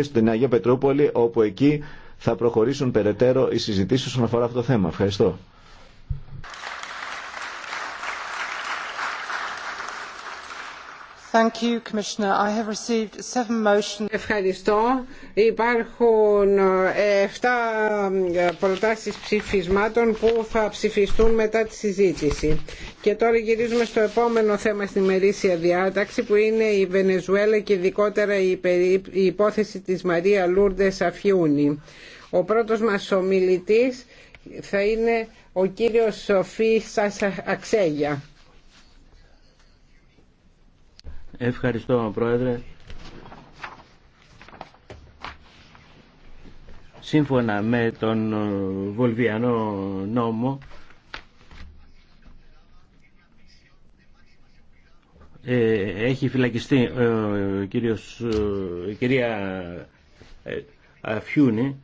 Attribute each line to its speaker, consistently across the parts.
Speaker 1: στην Αγία Πετρούπολη, όπου εκεί θα προχωρήσουν περαιτέρω οι συζητήσεις όσον αφορά αυτό το θέμα. Ευχαριστώ.
Speaker 2: Ευχαριστώ. Υπάρχουν 7 ε, ε, προτάσεις ψηφισμάτων που θα ψηφιστούν μετά τη συζήτηση. Και τώρα γυρίζουμε στο επόμενο θέμα στη μερίσια διάταξη που είναι η Βενεζουέλα και ειδικότερα η υπόθεση της Μαρία Λούρντες Αφιούνη. Ο πρώτος μας ομιλητής θα είναι ο κύριος Σάσα Αξέγια.
Speaker 3: Ευχαριστώ, Πρόεδρε. Σύμφωνα με τον ε, Βολβιανό νόμο, ε, έχει φυλακιστεί ε, κύριος, η κυρία Αφιούνη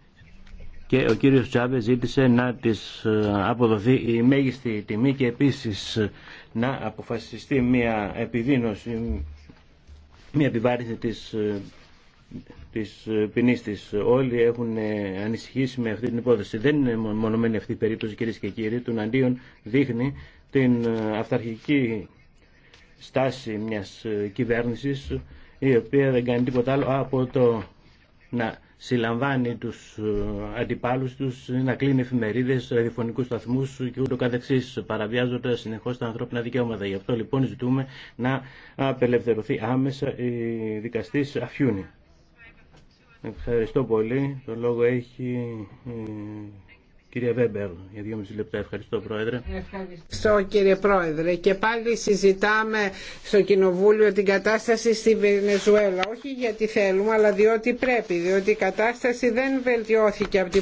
Speaker 3: και ο κύριος Τσάβε ζήτησε να της αποδοθεί η μέγιστη τιμή και επίσης να αποφασιστεί μια επιδείνωση μια επιβάρηση της, ε, της ε, ποινής Όλοι έχουν ε, ανησυχήσει με αυτή την υπόθεση. Δεν είναι μονομένη αυτή η περίπτωση κυρίε και κύριοι. Του αντίον δείχνει την αυταρχική στάση μιας κυβέρνησης η οποία δεν κάνει τίποτα άλλο από το να συλλαμβάνει τους ε, αντιπάλους τους, να κλείνει εφημερίδες, ραδιοφωνικού σταθμούς και ούτω καθεξής, παραβιάζοντας συνεχώς τα ανθρώπινα δικαιώματα. Γι' αυτό λοιπόν ζητούμε να απελευθερωθεί άμεσα η δικαστής Αφιούνη. Ευχαριστώ πολύ. Το λόγο έχει Κύριε Βέμπερ, για δύο μισή λεπτά. Ευχαριστώ, Πρόεδρε.
Speaker 2: Ευχαριστώ, κύριε Πρόεδρε. Και πάλι συζητάμε στο Κοινοβούλιο την κατάσταση στη Βενεζουέλα. Όχι γιατί θέλουμε, αλλά διότι πρέπει. Διότι η κατάσταση δεν βελτιώθηκε από,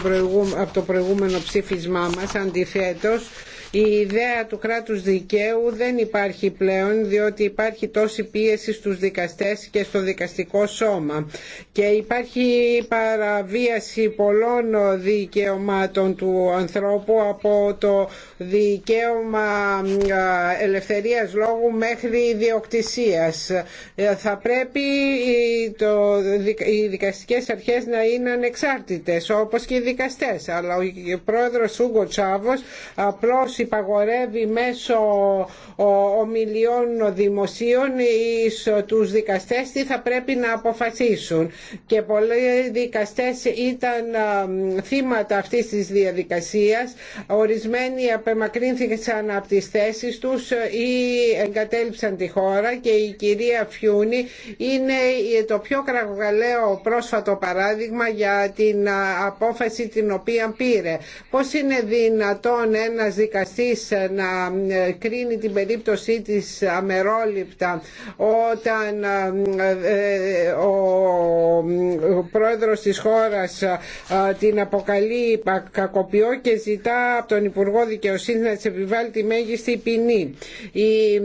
Speaker 2: από το προηγούμενο ψήφισμά μας. Αντιθέτως, η ιδέα του κράτους δικαίου δεν υπάρχει πλέον διότι υπάρχει τόση πίεση στους δικαστές και στο δικαστικό σώμα και υπάρχει παραβίαση πολλών δικαιωμάτων του ανθρώπου από το δικαίωμα ελευθερίας λόγου μέχρι ιδιοκτησίας. Ε, θα πρέπει οι δικαστικές αρχές να είναι ανεξάρτητες όπως και οι δικαστές αλλά ο πρόεδρος Ούγκο Τσάβος απλώς υπαγορεύει μέσω ομιλιών δημοσίων εις τους δικαστές τι θα πρέπει να αποφασίσουν. Και πολλοί δικαστές ήταν θύματα αυτής της διαδικασίας. Ορισμένοι απεμακρύνθηκαν από τις θέσεις τους ή εγκατέλειψαν τη χώρα και η κυρία Φιούνη είναι το πιο κραγγαλαίο πρόσφατο παράδειγμα για την απόφαση την οποία πήρε. Πώς είναι δυνατόν ένας δικαστής να ε, κρίνει την περίπτωσή της αμερόληπτα όταν ε, ε, ο πρόεδρος της χώρας την αποκαλεί κακοποιό και ζητά από τον Υπουργό Δικαιοσύνης να της επιβάλλει τη μέγιστη ποινή. Η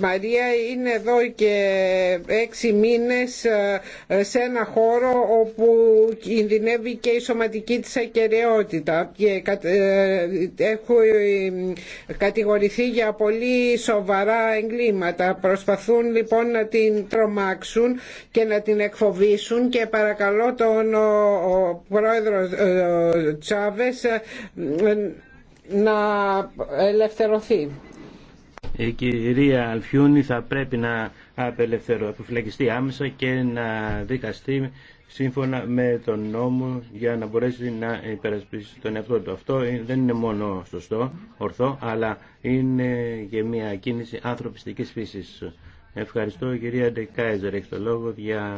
Speaker 2: Μαρία είναι εδώ και έξι μήνες σε ένα χώρο όπου κινδυνεύει και η σωματική της ακεραιότητα και έχουν ε, κατηγορηθεί για πολύ σοβαρά εγκλήματα. Προσπαθούν λοιπόν να την τρομάξουν και να την εκφοβήσουν και παρακαλώ τον πρόεδρο ε, Τσάβες ε, να ελευθερωθεί.
Speaker 3: Η κυρία Αλφιούνη θα πρέπει να απελευθερωθεί, αποφυλακιστεί άμεσα και να δικαστεί σύμφωνα με τον νόμο για να μπορέσει να υπερασπίσει τον εαυτό του. Αυτό ε, δεν είναι μόνο σωστό, ορθό, αλλά είναι και μια κίνηση ανθρωπιστικής φύσης. Ευχαριστώ κυρία Ντεκάιζερ, έχει το λόγο για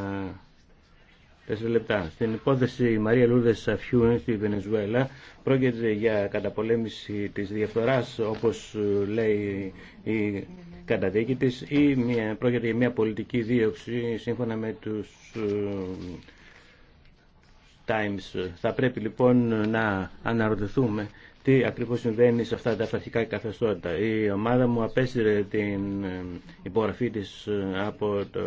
Speaker 3: τέσσερα λεπτά. Στην υπόθεση Μαρία Λούδε Σαφιού στη Βενεζουέλα πρόκειται για καταπολέμηση της διαφθοράς όπως ε, λέει η καταδίκη της ή μια, πρόκειται για μια πολιτική δίωξη σύμφωνα με τους ε, Times. Θα πρέπει λοιπόν να αναρωτηθούμε τι ακριβώς συμβαίνει σε αυτά τα αυταρχικά καθεστώτα. Η ομάδα μου απέσυρε την υπογραφή της ε, από το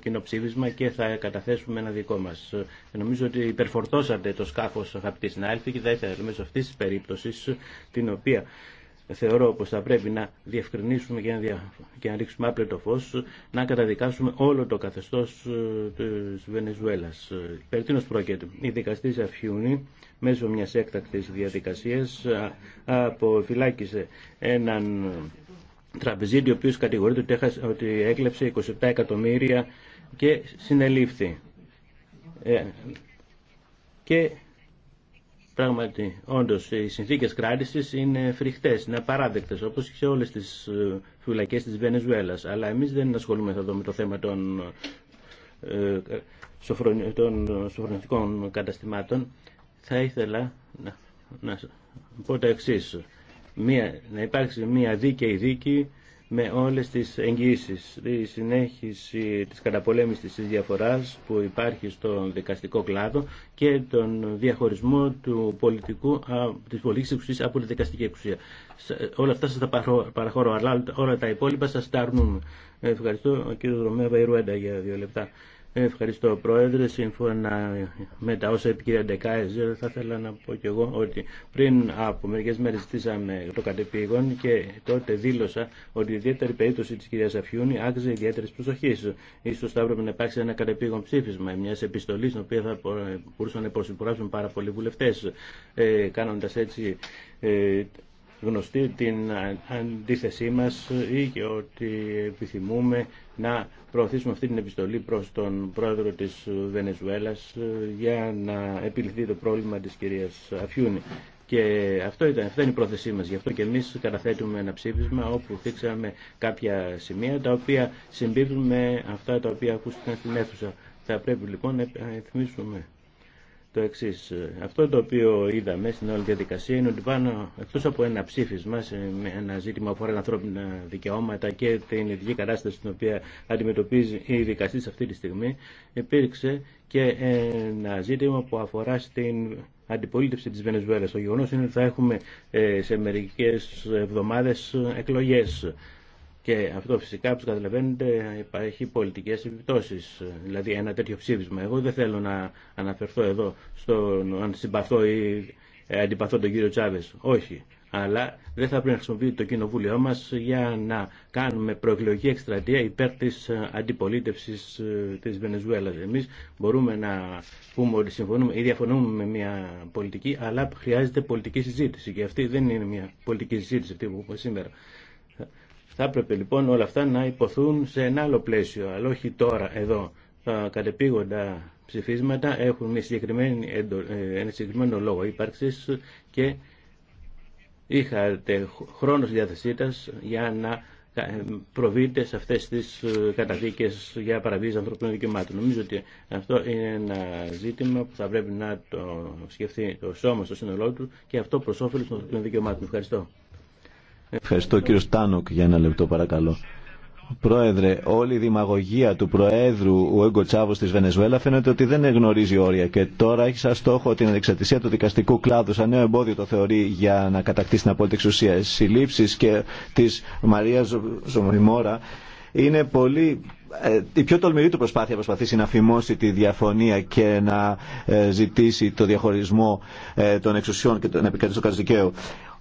Speaker 3: κοινό ψήφισμα και θα καταθέσουμε ένα δικό μας. Νομίζω ότι υπερφορτώσατε το σκάφος αγαπητή συνάδελφοι και θα ήθελα μέσω αυτής της περίπτωσης την οποία θεωρώ πως θα πρέπει να διευκρινίσουμε και να, δια... και να ρίξουμε άπλετο φως, να καταδικάσουμε όλο το καθεστώς ε, της Βενεζουέλας. Περί τίνος πρόκειται. Η δικαστή Αφιούνη μέσω μιας έκτακτης διαδικασίας αποφυλάκησε έναν τραπεζίτη ο οποίος κατηγορείται ότι έκλεψε 27 εκατομμύρια και συνελήφθη. Ε, και Πράγματι, όντως, οι συνθήκες κράτησης είναι φρικτές, είναι απαράδεκτες, όπως και σε όλε τι ε, φυλακέ τη Βενεζουέλα. Αλλά εμείς δεν ασχολούμαστε εδώ με το θέμα ε, των, σοφρονιστικών καταστημάτων. Θα ήθελα να, να πω το εξή. να υπάρξει μια δίκαιη δίκη με όλες τις εγγύσεις. τη συνέχιση της καταπολέμησης της διαφοράς που υπάρχει στον δικαστικό κλάδο και τον διαχωρισμό του πολιτικού, της πολιτικής εξουσίας από τη δικαστική εξουσία. Όλα αυτά σας τα παραχωρώ, αλλά όλα τα υπόλοιπα σας τα αρνούν. Ευχαριστώ κύριο Ρωμέα Βαϊρουέντα για δύο λεπτά. Ευχαριστώ Πρόεδρε. Σύμφωνα με τα όσα είπε η κυρία θα ήθελα να πω και εγώ ότι πριν από μερικέ μέρε ζητήσαμε το κατεπήγον και τότε δήλωσα ότι η ιδιαίτερη περίπτωση τη κυρία Αφιούνη άξιζε ιδιαίτερη προσοχή. σω θα έπρεπε να υπάρξει ένα κατεπήγον ψήφισμα μια επιστολή, στην οποία θα μπορούσαν να υποσυμπουράσουν πάρα πολλοί βουλευτέ, ε, κάνοντα έτσι ε, γνωστή την αντίθεσή μας ή και ότι επιθυμούμε να προωθήσουμε αυτή την επιστολή προς τον πρόεδρο της Βενεζουέλας για να επιληθεί το πρόβλημα της κυρίας Αφιούνη. Και αυτό ήταν, αυτή είναι η πρόθεσή μας. Γι' αυτό και εμείς καταθέτουμε ένα ψήφισμα όπου θίξαμε κάποια σημεία τα οποία συμπίπτουν με αυτά τα οποία ακούστηκαν στην αίθουσα. Θα πρέπει λοιπόν να θυμίσουμε το εξή. Ε, αυτό το οποίο είδαμε στην όλη διαδικασία είναι ότι πάνω, εκτό από ένα ψήφισμα σε ένα ζήτημα που αφορά ανθρώπινα δικαιώματα και την ειδική κατάσταση στην οποία αντιμετωπίζει η δικαστή αυτή τη στιγμή, υπήρξε και ένα ζήτημα που αφορά στην αντιπολίτευση της Βενεζουέλας. Το γεγονός είναι ότι θα έχουμε ε, σε μερικές εβδομάδες εκλογές. Και αυτό φυσικά, όπως καταλαβαίνετε, υπάρχει πολιτικές επιπτώσεις. Δηλαδή ένα τέτοιο ψήφισμα. Εγώ δεν θέλω να αναφερθώ εδώ στο αν συμπαθώ ή αντιπαθώ τον κύριο Τσάβες. Όχι. Αλλά δεν θα πρέπει να χρησιμοποιεί το κοινοβούλιο μας για να κάνουμε προεκλογική εκστρατεία υπέρ της αντιπολίτευσης ε, της Βενεζουέλας. Εμείς μπορούμε να πούμε ότι συμφωνούμε ή διαφωνούμε με μια πολιτική, αλλά χρειάζεται πολιτική συζήτηση. Και αυτή δεν είναι μια πολιτική συζήτηση αυτή που έχουμε σήμερα. Θα έπρεπε λοιπόν όλα αυτά να υποθούν σε ένα άλλο πλαίσιο, αλλά όχι τώρα, εδώ. Τα κατεπήγοντα ψηφίσματα έχουν μια συγκεκριμένη, ε, ένα συγκεκριμένο λόγο ύπαρξη και είχατε χρόνο στη διάθεσή για να ε, προβείτε σε αυτές τις ε, καταδίκες για παραβίαση ανθρωπίνων δικαιωμάτων. Νομίζω ότι αυτό είναι ένα ζήτημα που θα πρέπει να το σκεφτεί το σώμα στο σύνολό του και αυτό προς όφελος των ανθρωπίνων δικαιωμάτων. Ευχαριστώ.
Speaker 1: Ευχαριστώ κύριο Στάνοκ για ένα λεπτό παρακαλώ. Πρόεδρε, όλη η δημαγωγία του Προέδρου Οέγκο Τσάβο τη Βενεζουέλα φαίνεται ότι δεν γνωρίζει όρια και τώρα έχει σαν στόχο την ανεξαρτησία του δικαστικού κλάδου. Σαν νέο εμπόδιο το θεωρεί για να κατακτήσει την απόλυτη εξουσία. Συλλήψει και τη Μαρία Ζωμιμόρα είναι πολύ ε, η πιο τολμηρή του προσπάθεια να προσπαθήσει να φημώσει τη διαφωνία και να ε, ζητήσει το διαχωρισμό ε, των εξουσιών και να επικρατήσει το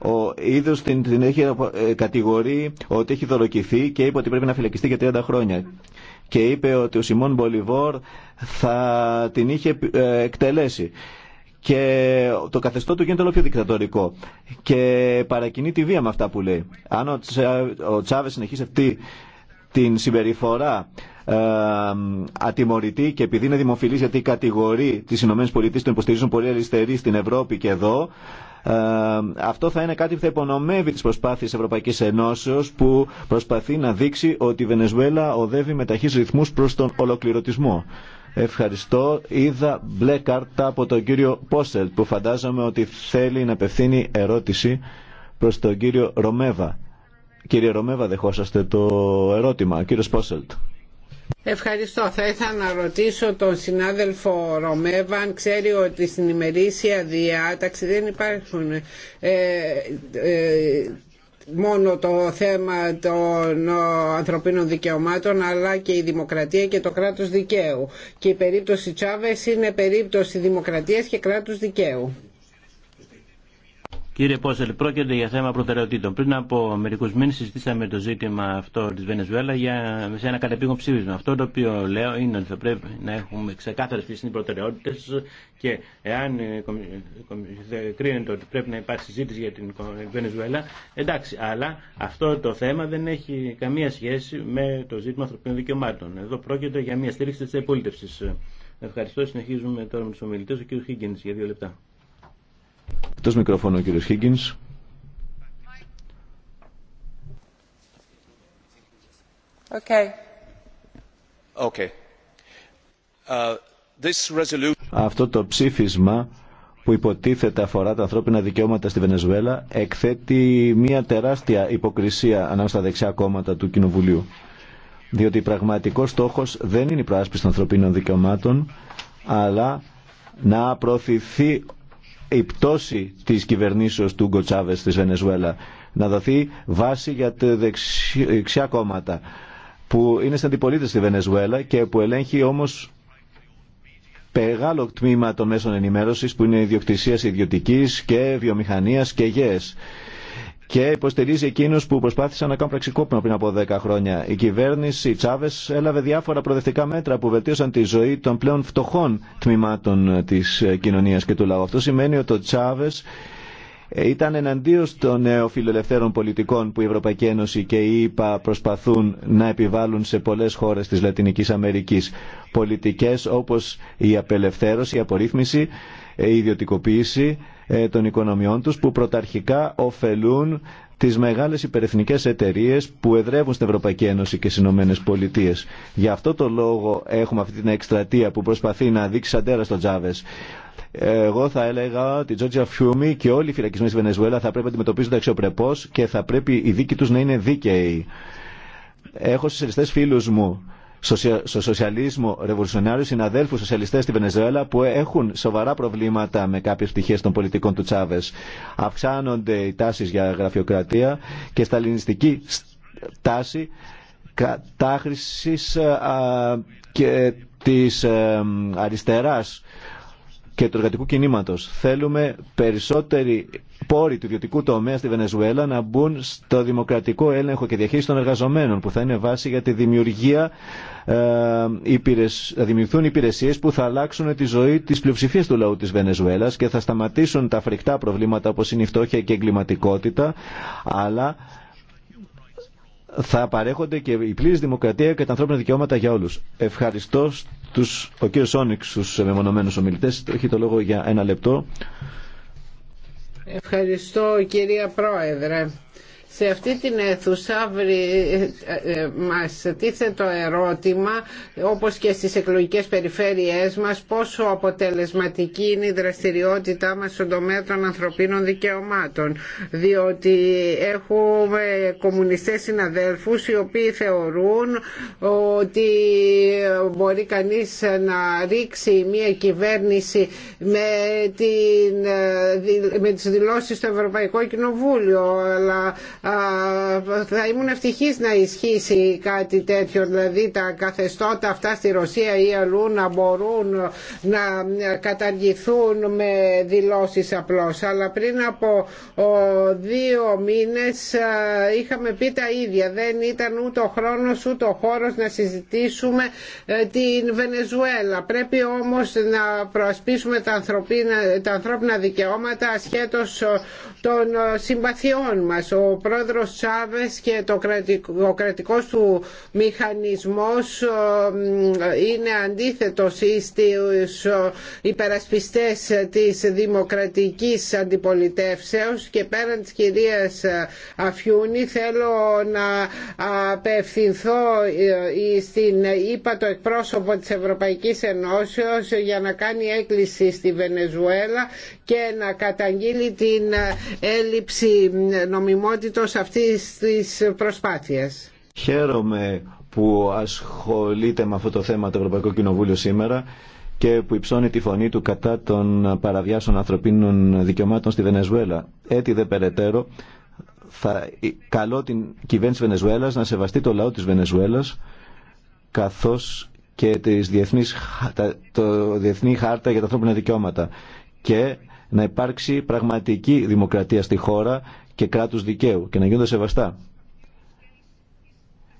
Speaker 1: Ο ίδιο την, την έχει κατηγορεί ότι έχει δολοκηθεί και είπε ότι πρέπει να φυλακιστεί για 30 χρόνια. Και είπε ότι ο Σιμών Μπολιβόρ θα την είχε εκτελέσει και το καθεστώ του γίνεται όλο πιο δικτατορικό και παρακινεί τη βία με αυτά που λέει. Αν ο Τσάβε συνεχίσει αυτή την συμπεριφορά ε, ατιμωρητή και επειδή είναι δημοφιλής γιατί κατηγορεί τις ΗΠΑ τον υποστηρίζουν πολύ αριστεροί στην Ευρώπη και εδώ ε, αυτό θα είναι κάτι που θα υπονομεύει τις προσπάθειες Ευρωπαϊκής Ενώσεως που προσπαθεί να δείξει ότι η Βενεζουέλα οδεύει με ταχύς ρυθμούς προς τον ολοκληρωτισμό. Ευχαριστώ. Είδα μπλε κάρτα από τον κύριο Πόσελτ που φαντάζομαι ότι θέλει να απευθύνει ερώτηση προς τον κύριο Ρωμέβα. Κύριε Ρωμέβα, δεχόσαστε το ερώτημα. Κύριε Σπόσελτ.
Speaker 2: Ευχαριστώ. Θα ήθελα να ρωτήσω τον συνάδελφο Ρωμέβα αν ξέρει ότι στην ημερήσια διάταξη δεν υπάρχουν ε, ε, μόνο το θέμα των ανθρωπίνων δικαιωμάτων αλλά και η δημοκρατία και το κράτος δικαίου. Και η περίπτωση Τσάβες είναι περίπτωση δημοκρατίας και κράτους δικαίου.
Speaker 3: Κύριε Πόσελ, πρόκειται για θέμα προτεραιοτήτων. Πριν από μερικού μήνε συζητήσαμε το ζήτημα αυτό τη Βενεζουέλα για, σε ένα κατεπήγον ψήφισμα. Αυτό το οποίο λέω είναι ότι θα πρέπει να έχουμε ξεκάθαρε ποιε είναι οι προτεραιότητε και εάν ε, κρίνεται ότι πρέπει να υπάρχει συζήτηση για την Βενεζουέλα, εντάξει, αλλά αυτό το θέμα δεν έχει καμία σχέση με το ζήτημα ανθρωπίνων δικαιωμάτων. Εδώ πρόκειται για μια στήριξη τη επόλυτευση. Ευχαριστώ. Συνεχίζουμε τώρα με του ομιλητέ. Ο κ. Χίγκεν για δύο λεπτά
Speaker 1: μικρόφωνο ο κύριος Χίγκινς. Okay. Okay. Uh, Αυτό το ψήφισμα που υποτίθεται αφορά τα ανθρώπινα δικαιώματα στη Βενεζουέλα εκθέτει μια τεράστια υποκρισία ανάμεσα στα δεξιά κόμματα του Κοινοβουλίου. Διότι πραγματικό στόχος δεν είναι η προάσπιση των ανθρωπίνων δικαιωμάτων αλλά να προωθηθεί η πτώση της κυβερνήσεως του Γκοτσάβες της Βενεζουέλα να δοθεί βάση για τα δεξιά κόμματα που είναι στην αντιπολίτευση στη Βενεζουέλα και που ελέγχει όμως μεγάλο τμήμα των μέσων ενημέρωσης που είναι ιδιοκτησίας ιδιωτικής και βιομηχανίας και γές και υποστηρίζει εκείνου που προσπάθησαν να κάνουν πραξικόπημα πριν από 10 χρόνια. Η κυβέρνηση Τσάβε έλαβε διάφορα προοδευτικά μέτρα που βελτίωσαν τη ζωή των πλέον φτωχών τμήματων τη κοινωνία και του λαού. Αυτό σημαίνει ότι ο Τσάβε ήταν εναντίον των νεοφιλελευθέρων πολιτικών που η Ευρωπαϊκή Ένωση και η ΕΠΑ ΕΕ προσπαθούν να επιβάλλουν σε πολλέ χώρε τη Λατινική Αμερική πολιτικέ όπω η απελευθέρωση, η απορρίθμιση, η ιδιωτικοποίηση, ε, των οικονομιών τους που πρωταρχικά ωφελούν τις μεγάλες υπερεθνικές εταιρείες που εδρεύουν στην Ευρωπαϊκή Ένωση και στις Ηνωμένε Πολιτείε. Γι' αυτό το λόγο έχουμε αυτή την εκστρατεία που προσπαθεί να δείξει σαν τέρα στον Τζάβες. Εγώ θα έλεγα ότι η Τζότζια Φιούμι και όλοι οι φυλακισμένοι στη Βενεζουέλα θα πρέπει να αντιμετωπίζονται αξιοπρεπώ και θα πρέπει η δίκη του να είναι δίκαιοι. Έχω στις φίλου μου στο σοσιαλισμό ρεβολουσιονάριου συναδέλφου σοσιαλιστέ στη Βενεζουέλα που έχουν σοβαρά προβλήματα με κάποιε πτυχέ των πολιτικών του Τσάβε. Αυξάνονται οι τάσει για γραφειοκρατία και σταλινιστική τάση κατάχρηση και της αριστεράς και του εργατικού κινήματο. Θέλουμε περισσότεροι πόροι του ιδιωτικού τομέα στη Βενεζουέλα να μπουν στο δημοκρατικό έλεγχο και διαχείριση των εργαζομένων που θα είναι βάση για τη δημιουργία ε, θα δημιουργηθούν υπηρεσίε που θα αλλάξουν τη ζωή τη πλειοψηφία του λαού τη Βενεζουέλα και θα σταματήσουν τα φρικτά προβλήματα όπω είναι η φτώχεια και η εγκληματικότητα, αλλά θα παρέχονται και η πλήρη δημοκρατία και τα ανθρώπινα δικαιώματα για όλου. Ευχαριστώ τους, ο κύριος Σόνιξ, τους μεμονωμένους ομιλητές, έχει το λόγο για ένα λεπτό.
Speaker 2: Ευχαριστώ κυρία Πρόεδρε. Σε αυτή την αίθουσα ε, ε, μας τίθε το ερώτημα όπως και στις εκλογικές περιφέρειές μας πόσο αποτελεσματική είναι η δραστηριότητά μας στον τομέα των ανθρωπίνων δικαιωμάτων διότι έχουμε κομμουνιστές συναδέλφους οι οποίοι θεωρούν ότι μπορεί κανείς να ρίξει μια κυβέρνηση με, την, ε, με τις δηλώσεις στο Ευρωπαϊκό Κοινοβούλιο αλλά θα ήμουν ευτυχής να ισχύσει κάτι τέτοιο δηλαδή τα καθεστώτα αυτά στη Ρωσία ή αλλού να μπορούν να καταργηθούν με δηλώσει απλώ. αλλά πριν από δύο μήνες είχαμε πει τα ίδια δεν ήταν ούτε ο χρόνο ούτε ο χώρος να συζητήσουμε ε, την Βενεζουέλα πρέπει όμως να προασπίσουμε τα, ανθρωπίνα, τα ανθρώπινα δικαιώματα ασχέτω ε, των ε, συμπαθειών μα. ο πρόεδρος Τσάβες και το κρατικό, ο κρατικός του μηχανισμός ε, ε, είναι αντίθετος του ε, υπερασπιστές της δημοκρατικής αντιπολιτεύσεως και πέραν της κυρίας Αφιούνη θέλω να απευθυνθώ στην είπα το εκπρόσωπο της Ευρωπαϊκής Ενώσεως για να κάνει έκκληση στη Βενεζουέλα και να καταγγείλει την έλλειψη νομιμότητος μέρος αυτής της προσπάθειας.
Speaker 1: Χαίρομαι που ασχολείται με αυτό το θέμα το Ευρωπαϊκό Κοινοβούλιο σήμερα και που υψώνει τη φωνή του κατά των παραβιάσεων ανθρωπίνων δικαιωμάτων στη Βενεζουέλα. Έτσι δε περαιτέρω θα καλώ την κυβέρνηση Βενεζουέλας να σεβαστεί το λαό της Βενεζουέλας καθώς και τις διεθνείς, το Διεθνή Χάρτα για τα Ανθρώπινα Δικαιώματα και να υπάρξει πραγματική δημοκρατία στη χώρα και κράτους δικαίου και να γίνονται σεβαστά.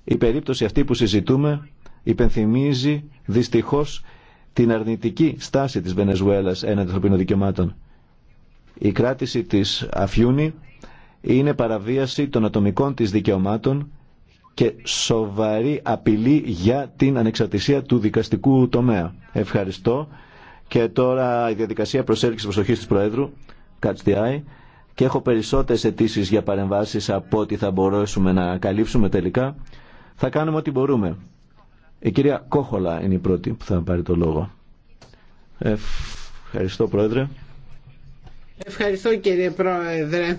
Speaker 1: Η περίπτωση αυτή που συζητούμε υπενθυμίζει δυστυχώς την αρνητική στάση της Βενεζουέλας έναντι των ανθρωπίνων δικαιωμάτων. Η κράτηση της Αφιούνη είναι παραβίαση των ατομικών της δικαιωμάτων και σοβαρή απειλή για την ανεξαρτησία του δικαστικού τομέα. Ευχαριστώ. Και τώρα η διαδικασία προσέλκυσης προσοχής της Προέδρου, Catch και έχω περισσότερες αιτήσει για παρεμβάσεις από ό,τι θα μπορέσουμε να καλύψουμε τελικά. Θα κάνουμε ό,τι μπορούμε. Η κυρία Κόχολα είναι η πρώτη που θα πάρει το λόγο. Ευχαριστώ Πρόεδρε.
Speaker 2: Ευχαριστώ κύριε Πρόεδρε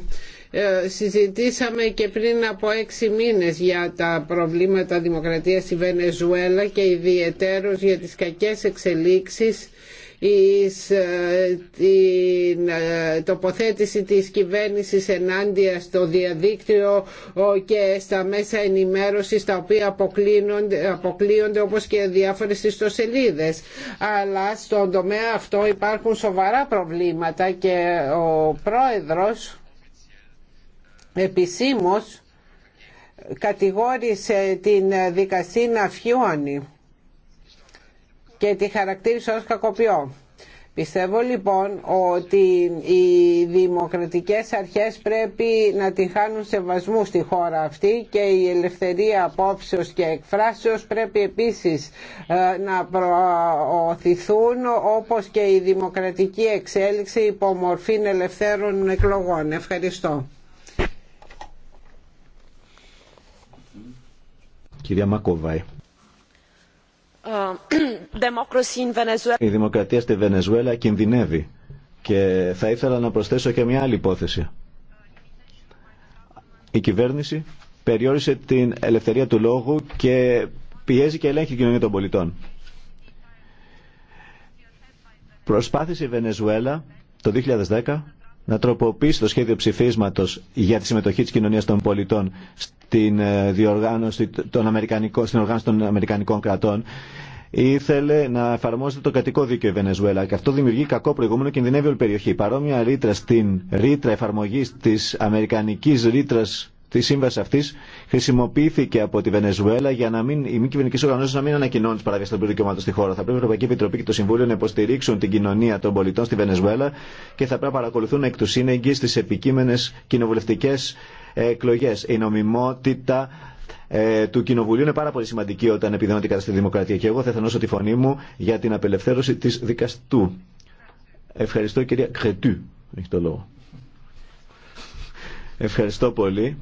Speaker 2: ε, συζητήσαμε και πριν από έξι μήνες για τα προβλήματα δημοκρατίας στη Βενεζουέλα και ιδιαιτέρως για τις κακές εξελίξεις εις ε, την ε, τοποθέτηση της κυβέρνησης ενάντια στο διαδίκτυο και στα μέσα ενημέρωσης τα οποία αποκλείονται, αποκλείονται όπως και διάφορες ιστοσελίδες αλλά στον τομέα αυτό υπάρχουν σοβαρά προβλήματα και ο πρόεδρος επισήμως κατηγόρησε την δικαστή να φιώνει και τη χαρακτήρισε ως κακοποιό. Πιστεύω λοιπόν ότι οι δημοκρατικές αρχές πρέπει να τη χάνουν σεβασμού στη χώρα αυτή και η ελευθερία απόψεως και εκφράσεως πρέπει επίσης ε, να προωθηθούν όπως και η δημοκρατική εξέλιξη υπό ελευθέρων εκλογών. Ευχαριστώ.
Speaker 1: Κυρία Μακοβάη.
Speaker 2: Ε, η
Speaker 1: δημοκρατία στη Βενεζουέλα κινδυνεύει και θα ήθελα να προσθέσω και μια άλλη υπόθεση. Η κυβέρνηση περιόρισε την ελευθερία του λόγου και πιέζει και ελέγχει την κοινωνία των πολιτών. Προσπάθησε η Βενεζουέλα το 2010 να τροποποιήσει το σχέδιο ψηφίσματος για τη συμμετοχή τη κοινωνίας των πολιτών στην ε, διοργάνωση των στην οργάνωση των Αμερικανικών κρατών ήθελε να εφαρμόζεται το κρατικό δίκαιο η Βενεζουέλα και αυτό δημιουργεί κακό προηγούμενο κινδυνεύει όλη η περιοχή. Παρόμοια ρήτρα στην ρήτρα εφαρμογή τη αμερικανική ρήτρα τη σύμβαση αυτή χρησιμοποιήθηκε από τη Βενεζουέλα για να μην, οι μη κυβερνητικέ οργανώσει να μην ανακοινώνουν τι παραβιάσει των δικαιωμάτων στη χώρα. Θα πρέπει η Ευρωπαϊκή Επιτροπή και το Συμβούλιο να υποστηρίξουν την κοινωνία των πολιτών στη Βενεζουέλα και θα πρέπει να παρακολουθούν εκ του σύνεγγυ τι επικείμενε κοινοβουλευτικέ εκλογέ. Η νομιμότητα ε, του Κοινοβουλίου είναι πάρα πολύ σημαντική όταν επιδεινώνεται κατά στη δημοκρατία. Και εγώ θα θενώσω τη φωνή μου για την απελευθέρωση τη δικαστού. Ευχαριστώ κυρία Κρετού. Ευχαριστώ πολύ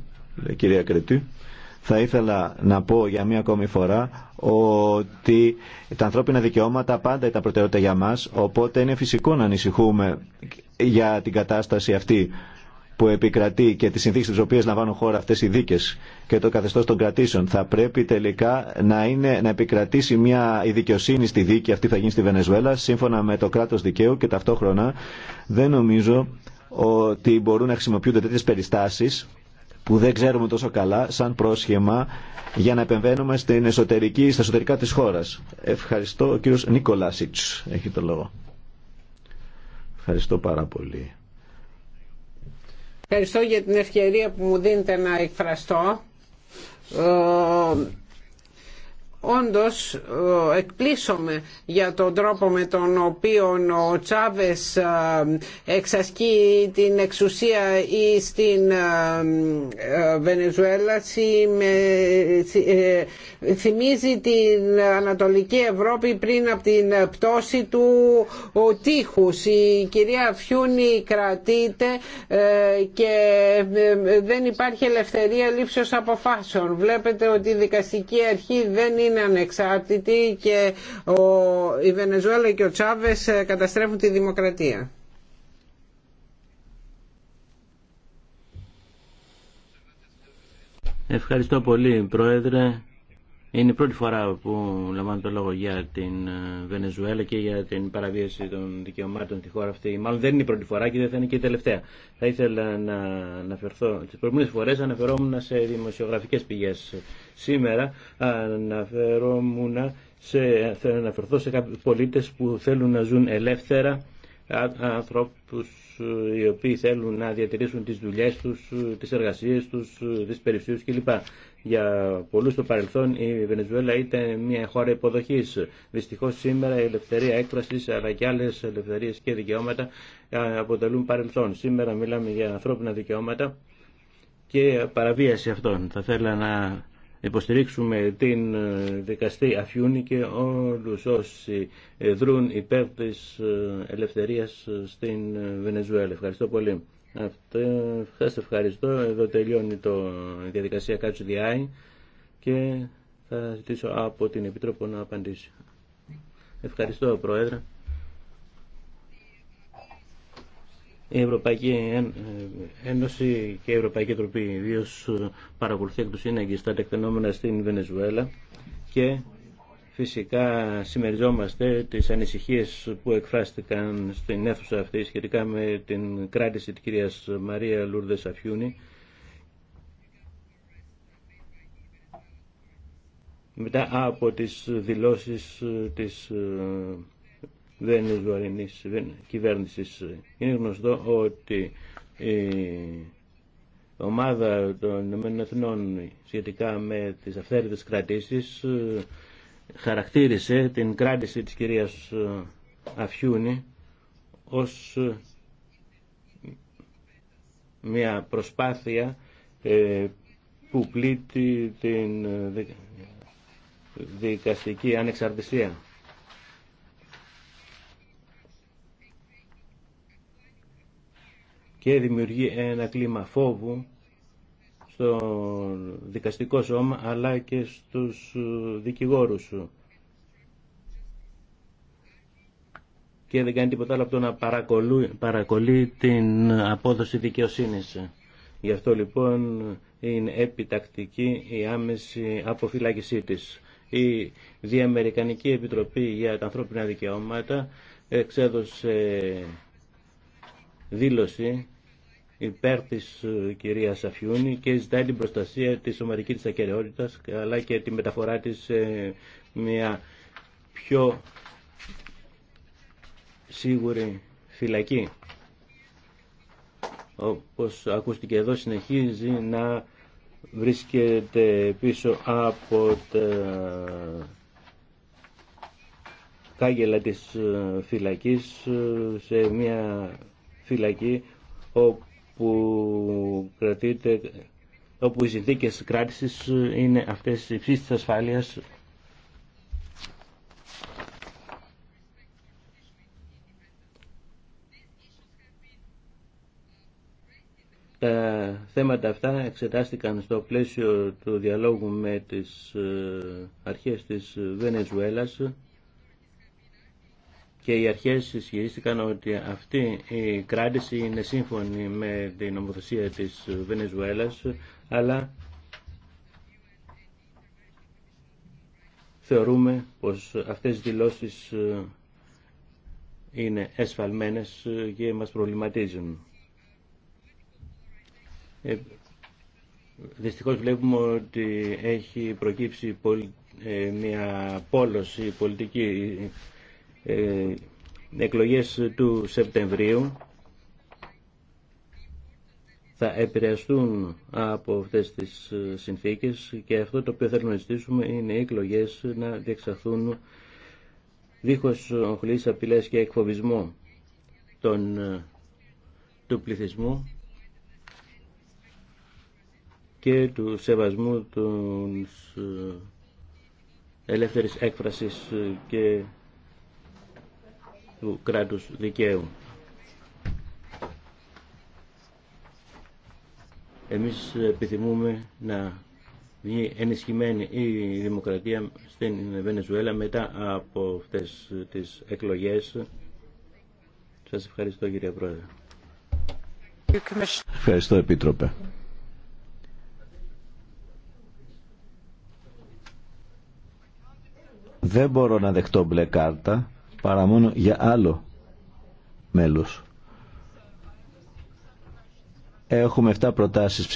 Speaker 1: κυρία Κρετή. Θα ήθελα να πω για μία ακόμη φορά ότι τα ανθρώπινα δικαιώματα πάντα ήταν προτεραιότητα για μας, οπότε είναι φυσικό να ανησυχούμε για την κατάσταση αυτή που επικρατεί και τις συνθήκες τις οποίες λαμβάνουν χώρα αυτές οι δίκες και το καθεστώς των κρατήσεων. Θα πρέπει τελικά να, είναι, να επικρατήσει μια η δικαιοσύνη στη δίκη αυτή θα γίνει στη Βενεζουέλα σύμφωνα με το κράτος δικαίου και ταυτόχρονα δεν νομίζω ότι μπορούν να χρησιμοποιούνται τέτοιες περιστάσεις που δεν ξέρουμε τόσο καλά σαν πρόσχημα για να επεμβαίνουμε στην εσωτερική, στα εσωτερικά της χώρας. Ευχαριστώ. Ο κύριος Νικολάσιτς έχει το λόγο. Ευχαριστώ πάρα πολύ.
Speaker 2: Ευχαριστώ για την ευκαιρία που μου δίνετε να εκφραστώ. Ε, όντως εκπλήσωμε για τον τρόπο με τον οποίο ο Τσάβες εξασκεί την εξουσία ή στην Βενεζουέλα ε, θυμίζει την Ανατολική Ευρώπη πριν από την πτώση του τείχους η κυρία Φιούνη κρατείται ε, και ε, δεν υπάρχει ελευθερία λήψεως αποφάσεων βλέπετε ότι η δικαστική αρχή δεν είναι είναι ανεξάρτητοι και ο, η Βενεζουέλα και ο Τσάβες ε, καταστρέφουν τη δημοκρατία.
Speaker 3: Ευχαριστώ πολύ Πρόεδρε. Είναι η πρώτη φορά που λαμβάνω το λόγο για την ε, Βενεζουέλα και για την παραβίαση των δικαιωμάτων στη χώρα αυτή. Μάλλον δεν είναι η πρώτη φορά και δεν θα είναι και η τελευταία. Θα ήθελα να αναφερθώ. Τι προηγούμενε φορέ αναφερόμουν σε δημοσιογραφικέ πηγέ. Σήμερα αναφερόμουν σε, θα σε κάποιου πολίτε που θέλουν να ζουν ελεύθερα ανθρώπου ε, οι οποίοι θέλουν να διατηρήσουν τι δουλειέ του, ε, τι εργασίε του, τι περιουσίε κλπ. Για πολλούς στο παρελθόν η Βενεζουέλα ήταν μια χώρα υποδοχής. Δυστυχώς σήμερα η ελευθερία έκφρασης αλλά και άλλες ελευθερίες και δικαιώματα αποτελούν παρελθόν. Σήμερα μιλάμε για ανθρώπινα δικαιώματα και παραβίαση αυτών. Θα θέλα να υποστηρίξουμε την ε, δικαστή Αφιούνη και όλους όσοι ε, δρούν υπέρ της ε, ελευθερίας στην Βενεζουέλα. Ευχαριστώ πολύ. Αυτό, σας ευχαριστώ. Εδώ τελειώνει το η διαδικασία κάτσου και θα ζητήσω από την Επίτροπο να απαντήσει. Ευχαριστώ, Πρόεδρε. Η Ευρωπαϊκή Ένωση και η Ευρωπαϊκή Τροπή ιδίω παρακολουθεί εκ του σύναγκης τα τεκτενόμενα στην Βενεζουέλα και Φυσικά συμμεριζόμαστε τις ανησυχίες που εκφράστηκαν στην αίθουσα αυτή σχετικά με την κράτηση της κυρίας Μαρία Λούρδε αφιούνη. μετά από τις δηλώσεις της ε, βενεζουαρινής κυβέρνησης. Είναι γνωστό ότι η ομάδα των Εθνών σχετικά με τις αυθαίρετες κρατήσεις ε, χαρακτήρισε την κράτηση της κυρίας ε, Αφιούνη ως ε, μια προσπάθεια ε, που πλήττει την δικαστική ανεξαρτησία. Και δημιουργεί ένα κλίμα φόβου στο δικαστικό σώμα αλλά και στους ε, δικηγόρους και δεν κάνει τίποτα άλλο από το να παρακολεί, την απόδοση δικαιοσύνης. Γι' αυτό λοιπόν είναι επιτακτική η άμεση αποφυλάκησή της. Η Διαμερικανική Επιτροπή για τα Ανθρώπινα Δικαιώματα εξέδωσε δήλωση υπέρ της ε, κυρία Αφιούνη και ζητάει την προστασία της ομαρική τη ακαιρεότητα αλλά και τη μεταφορά τη σε μια πιο σίγουρη φυλακή. Όπως ακούστηκε εδώ συνεχίζει να βρίσκεται πίσω από τα κάγκελα της ε, φυλακής ε, σε μια φυλακή όπου όπου κρατείτε όπου οι συνθήκες κράτησης είναι αυτές οι ψήσεις ασφάλειας Τα θέματα αυτά εξετάστηκαν στο πλαίσιο του διαλόγου με τις ε, αρχές της Βενεζουέλας και οι αρχές ισχυρίστηκαν ότι αυτή η κράτηση είναι σύμφωνη με την νομοθεσία της Βενεζουέλας, αλλά θεωρούμε πως αυτές οι δηλώσεις ε, είναι εσφαλμένες και μας προβληματίζουν. Ε, δυστυχώς βλέπουμε ότι έχει προκύψει ε, μια πόλωση πολιτική ε, εκλογές του Σεπτεμβρίου θα επηρεαστούν από αυτές τις ε, συνθήκες και αυτό το οποίο θέλουμε να ζητήσουμε είναι οι εκλογές να διεξαχθούν δίχως οχλής απειλές και εκφοβισμό των, ε, του πληθυσμού και του σεβασμού των ελεύθερης έκφρασης και του κράτους δικαίου. Εμείς επιθυμούμε να βγει ενισχυμένη η δημοκρατία στην Βενεζουέλα μετά από αυτές τις εκλογές. Σας ευχαριστώ κύριε Πρόεδρε.
Speaker 1: Ευχαριστώ Επίτροπε. Δεν μπορώ να δεχτώ μπλε κάρτα παρά μόνο για άλλο μέλος. Έχουμε 7 προτάσεις